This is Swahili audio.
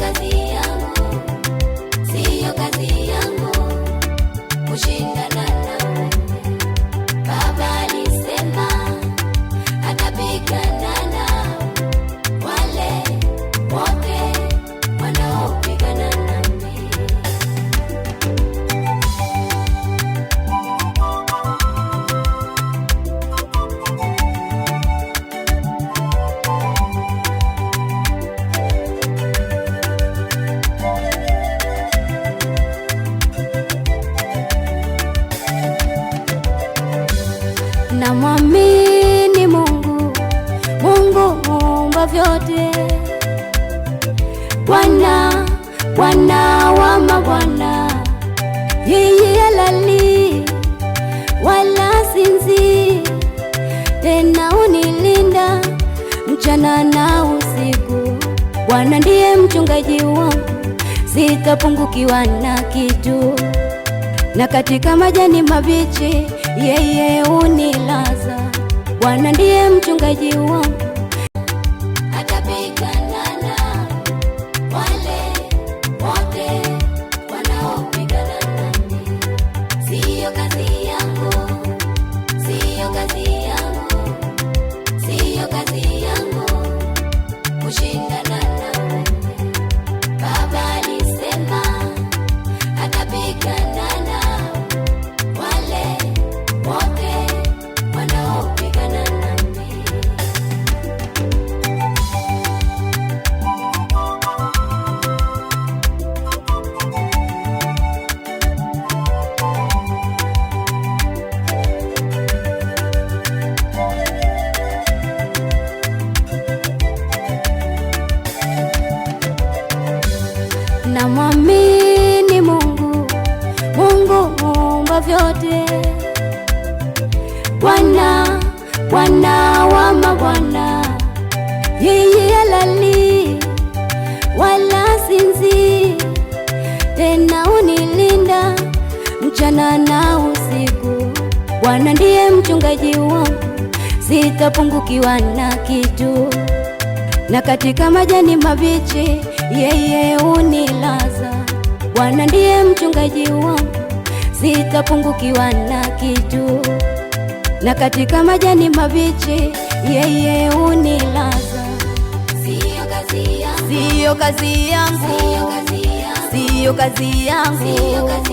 Yoga Bwana, Bwana wa mabwana, yeye alali wala sinzi tena unilinda mchana na usiku. Bwana ndiye mchungaji wangu, sitapungukiwa na kitu, na katika majani mabichi yeye unilaza Bwana ndiye mchungaji wangu Ninamwamini Mungu, Mungu muumba vyote, Bwana, Bwana wa mabwana, yeye halali wala sinzi, tena unilinda mchana na usiku. Bwana ndiye mchungaji wangu, sitapungukiwa na kitu, na katika majani mabichi yeye unilaza. Bwana ndiye mchungaji wangu, sitapungukiwa na kitu, na katika majani mabichi yeye unilaza. Siyo kazi yangu, siyo kazi yangu, siyo kazi yangu